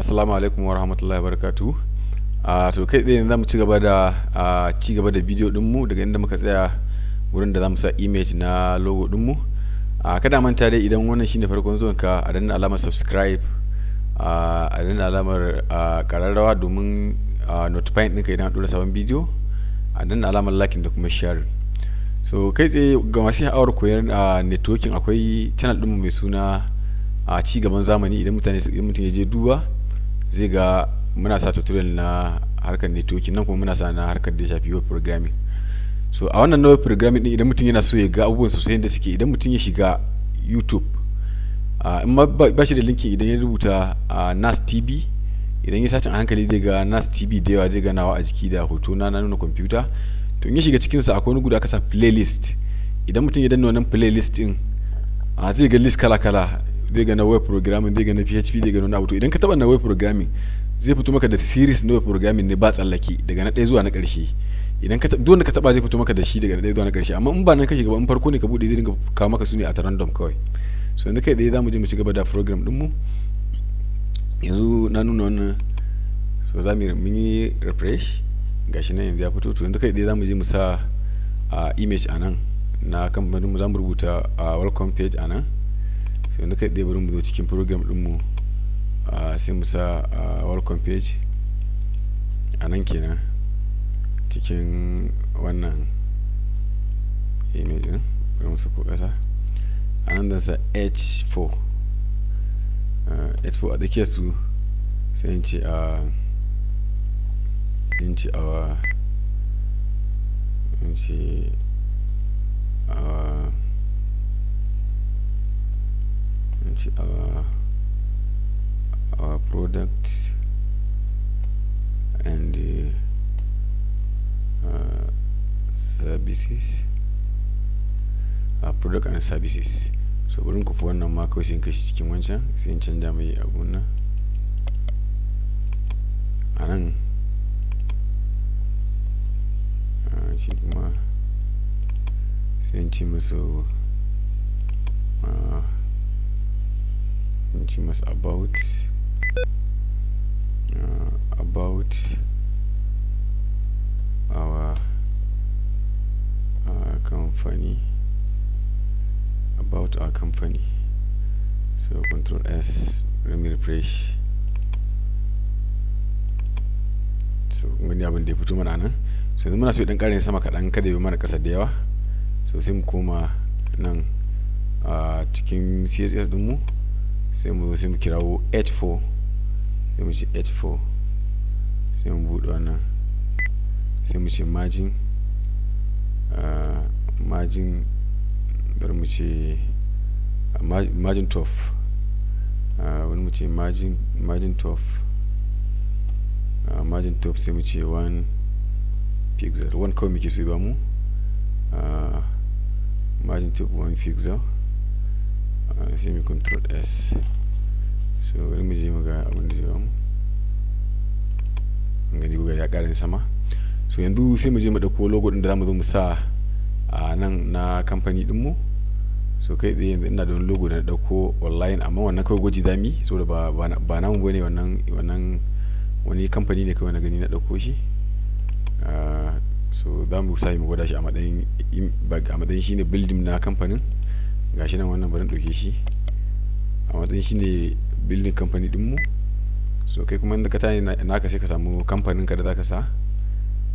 assalamu alaikum wa rahmatullahi barakatu ah, to kai tsaye za ci gaba da ah, ci gaba da bidiyo dinmu daga inda muka tsaya wurin da za mu sa image na logo dinmu uh, kada manta dai idan wannan shine farkon zuwan ka a danna alamar subscribe uh, a danna alamar kararrawa domin notify ɗinka idan dora sabon bidiyo a danna alamar like da kuma share so kai tsaye ga masu sha'awar koyar a networking akwai channel dinmu mai suna a ci gaban zamani idan mutane su mutum ya je duba zai ga muna sa tutorial na harkar networking nan kuma muna sa na harkar da shafi web programming so a wannan web programming din idan mutum yana so ya ga abubuwan sosai da suke idan mutum ya shiga youtube in ma ba shi da linkin idan ya rubuta nas tv idan ya sace a hankali zai ga nas tv da yawa zai ganawa a jiki da hoto na nuna computer to in ya shiga cikin sa akwai wani guda aka sa playlist idan mutum ya danna wannan playlist din a zai ga list kala kala zai gana na web programming zai gana php zai gana na abu to idan ka taba na web programming zai fito maka da series na web programming ne ba tsallaki daga na ɗaya zuwa na ƙarshe idan ka duk wanda ka taba zai fito maka da shi daga ɗaya zuwa na ƙarshe amma in ba nan kake gaba in farko ne ka bude zai dinga kawo maka su ne a random kawai so yanzu kai ɗaya zamu je mu ci gaba da program din mu yanzu na nuna wannan so za mu yi refresh gashi nan yanzu ya fito to yanzu kai ɗaya zamu je mu sa a ah, image a nan na kamfanin mu za mu rubuta a ah, welcome page a nan sai yanzu kai ɗaya bari mu zo cikin program ɗinmu sai mu sa welcome page a nan kenan cikin wannan image ɗin bari mu sako ƙasa a nan dan sa h4 h4 a tsakiyar su sai in ce a in ce a in ce na services so bari ku fi wannan ma kawai sai in kashi cikin wancan sai in canja mai abu nan a nan shi kuma sai in ci musu ah, in ci musu about our company so control s let me refresh so gani abin da ya fito mana nan so yanzu muna so idan karin sama kaɗan kada ya mana ƙasa da yawa so sai mu koma nan a cikin css ɗinmu sai mu sai mu kirawo h4 sai mu ci h4 sai mu buɗe wannan sai mu ci margin margin bari mu ci. margin 12 ah, wani mu ce margin 12 margin 12 sai mu ce 1 pixel 1 kawai muke so ba mu margin 12 1 pixel ah, sai mu control s so wani mu je mu ga abin da zai ba mu gani guga ya karin sama so yanzu sai mu je mu ɗauko logo din da zamu zo mu sa a ah, nan na kamfani ɗinmu mu so kai tsaye yanzu ina da wani logo da na dauko online amma wannan kawai gwaji zami saboda ba ba namu bane wannan wannan wani kamfani ne kawai na gani na dauko shi ah, so za mu sami mu gwada shi a matsayin a matsayin shine building na kamfanin gashi nan wannan bari ɗauke shi a matsayin shine building kamfani din mu so kai kuma inda ka tani naka sai ka samu kamfanin ka da zaka sa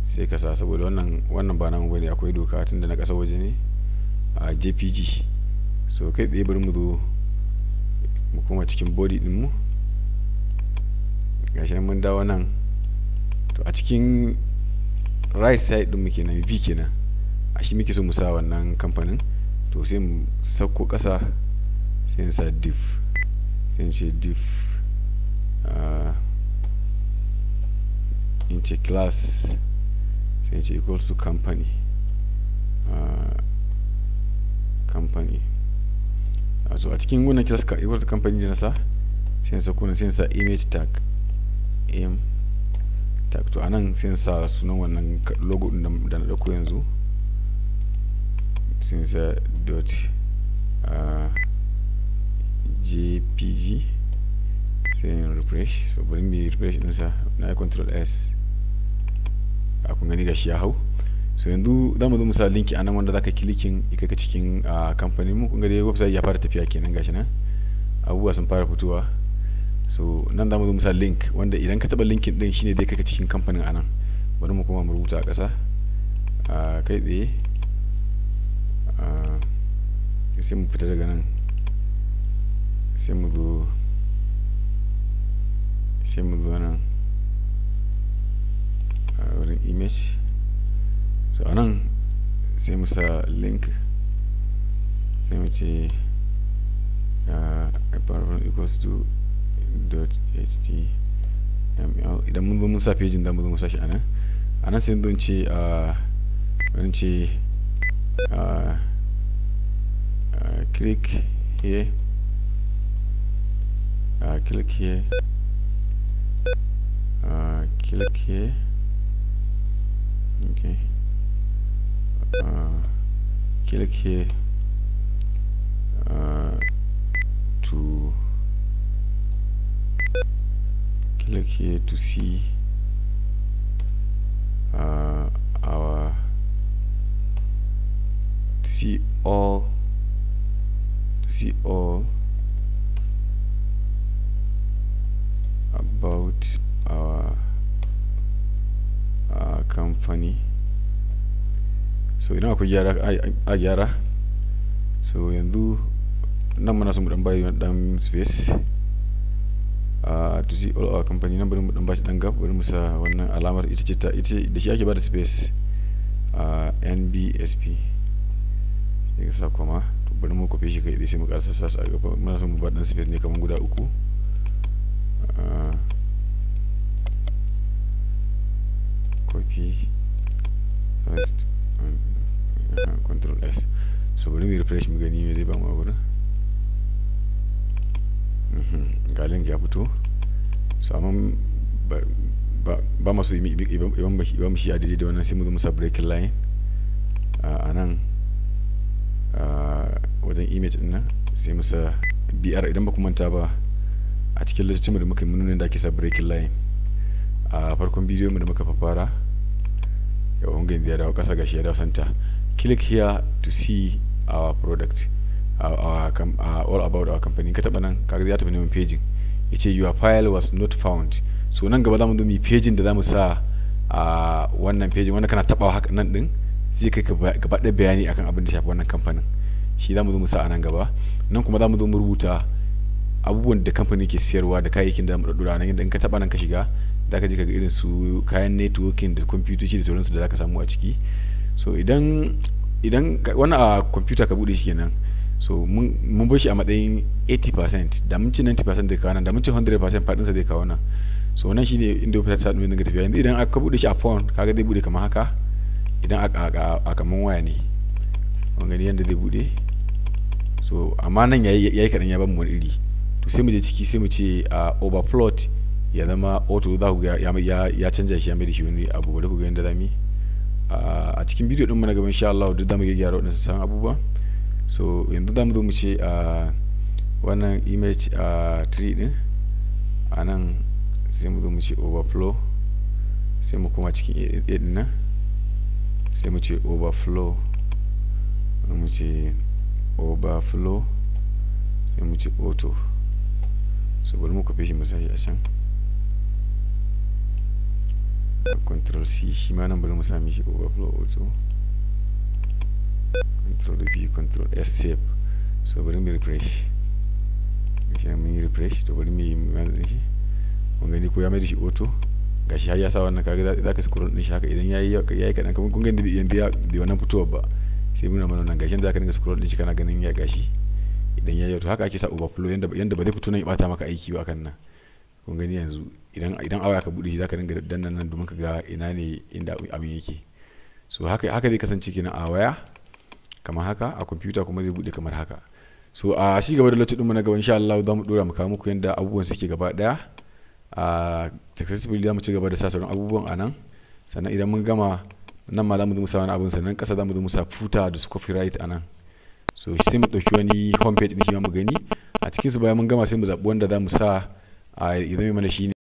sai ka sa saboda wannan wannan ba namu ne akwai doka tunda na kasa waje ne a ah, JPG so kai tsaye bari mu zo mu koma cikin body mu gashi mun dawo nan to a cikin right side mu kenan v kenan a shi muke so mu sa wannan kamfanin to sai mu sauko kasa sai mu sa diff sai in ce diff ah, in ce class sai in ce equal to company uh, company wato a cikin wannan kiraska suka ibar da kamfani da nasa sai kuna sai image tag im tag to anan sai sunan wannan logo din da na dauko yanzu sai sa dot jpg sai refresh so bari mu refresh din sa na control s a kun gani gashi ya hau so yanzu za mu zo musa linki a nan wanda za ka kilikin ikaka cikin kamfanin mu kun ga dai website ya fara tafiya kenan gashi nan abubuwa sun fara fitowa so nan za mu zo musa link wanda idan ka taba linkin din shine dai kaka cikin kamfanin a nan bari mu koma mu rubuta a ƙasa kai tsaye sai mu fita daga nan sai mu zo sai mu zo nan wurin image so a nan sai musa link sai mu ce ah, paragraph equals to dot html idan mun zo mun pejin da mu zo musa shi a nan a nan sai don ce a ah, zan ce a ah, click here a click here a click here okay click uh, here uh, to click here to see uh, our to see all to see all about our uh, company so idan akwai gyara a gyara so yanzu nan mana so mu dan bayi dan space uh, to see all our company nan bari mu dan bashi dan gap bari mu sa wannan alamar ita ce ta ita da shi ake bada space NBSP sai ka sa koma to bari mu kofe shi kai sai mu karsa sa a gaba muna so mu ba dan space ne kaman guda uku uh, copy so bari mu refresh mu gani me zai ba mu a gurin ga link ya fito saman ba masu yi mu shi a daidai da wannan sai mu zo musa breaking line a nan wajen image ɗin nan sai musa br idan ba ku manta ba a cikin littattafin da muka yi mununin da ake sa breaking line a farkon bidiyon mu da muka fara yawon gani da ya dawo ƙasa gashi ya dawo santa click here to see our product our, uh, all about our company ka taba nan kaga za ta neman paging yace your file was not found so nan gaba za mu mu paging da za mu sa a uh, wannan paging wanda kana taba haka nan din zai kai gaba da bayani akan abin da shafi wannan kamfanin shi mu zo mu sa a nan gaba nan kuma za zo mu rubuta abubuwan da kamfani ke siyarwa da kayayyakin da mu dora nan in ka taba nan ka shiga za ka ji kaga irin su kayan networking da kwamfutoci da sauransu da za ka samu a ciki so idan idan wani a kwamfuta ka ah, bude shi kenan so mun bar shi a matsayin 80% da mun ci 90% zai ka nan da mun ci 100% fadinsa zai ka nan so wannan shine inda fitar sa dinga tafiya yanzu idan aka bude shi a phone kaga zai bude kamar haka idan a kaman waya ne mun gani yanda zai bude so amma nan yayi yayi kadan ya bamu wani iri to sai mu je ciki sai mu ce a ah, overplot ya zama auto za ku ya ya canza shi ya mai da shi wani abu bari ku ga yanda zamu yi a cikin bidiyo ɗinmu na gaba insha Allah duk da mu gyara waɗansu sabon abubuwa so yanzu da mu zo mu ce a wannan image a tree din a nan sai mu zo mu ce overflow sai mu kuma cikin a din nan sai mu ce overflow mu ce overflow sai mu ce auto so bari mu kafe shi mu sashi a can control c shi ma nan bari mu sami shi overflow auto control v control s save so bari mu refresh gashi mun yi refresh to bari mu yi manzan shi mun gani ko ya mai da shi auto gashi har ya sa wannan kaga za ka scroll din shi haka idan yayi yayi kadan kamar kun gani yanzu ya bai wannan fitowar ba sai muna mana wannan gashin za ka dinga scroll din shi kana ganin ya gashi idan yayi to haka ake sa overflow yanda yanda ba zai fito nan ya bata maka aiki ba kan nan kun gani yanzu idan idan awa ka bude shi zaka dinga danna nan domin ka ga ina ne inda abin yake so haka haka zai kasance kenan a waya kamar haka a kwamfuta kuma zai bude kamar haka so a shi gaba da lotu mu na gaba insha Allah za mu dora mu kawo muku yanda abubuwan suke gaba daya a successfully za mu ci gaba da sa sauran abubuwan a nan sannan idan mun gama nan ma za mu zo mu sa wani abin sannan ƙasa za mu zo mu sa futa da su copyright a nan so sai mu ɗauki wani homepage ɗin shi ma mu gani a cikin su bayan mun gama sai mu zaɓi wanda za mu sa a idan mai mana shine